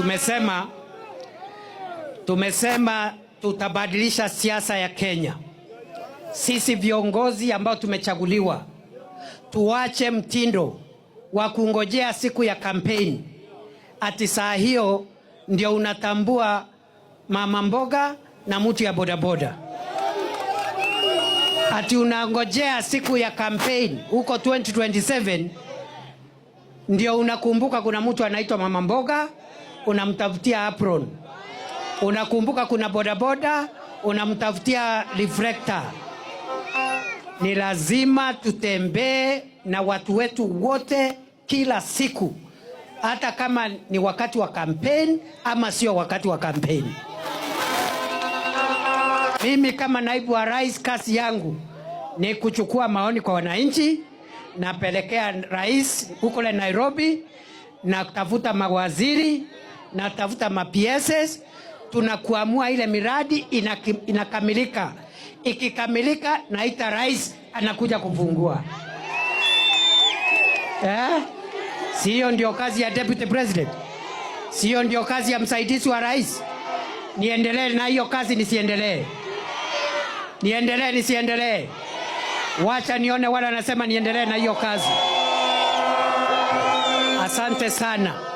Tumesema, tumesema tutabadilisha siasa ya Kenya. Sisi viongozi ambao tumechaguliwa tuache mtindo wa kungojea siku ya kampeni, ati saa hiyo ndio unatambua mama mboga na mtu ya bodaboda, ati unangojea siku ya kampeni huko 2027 ndio unakumbuka kuna mtu anaitwa mama mboga unamtafutia apron, unakumbuka kuna bodaboda, unamtafutia reflector. Ni lazima tutembee na watu wetu wote kila siku, hata kama ni wakati wa kampeni ama sio wakati wa kampeni. Mimi kama naibu wa rais, kazi yangu ni kuchukua maoni kwa wananchi, napelekea rais huko Nairobi na kutafuta mawaziri natafuta mapieces, tunakuamua ile miradi inakamilika. Ikikamilika naita rais anakuja kufungua eh? Siyo ndio kazi ya deputy president? Siyo ndio kazi ya msaidizi wa rais? Niendelee na hiyo kazi, nisiendelee? Niendelee nisiendelee? Wacha nione wala anasema niendelee na hiyo kazi. Asante sana.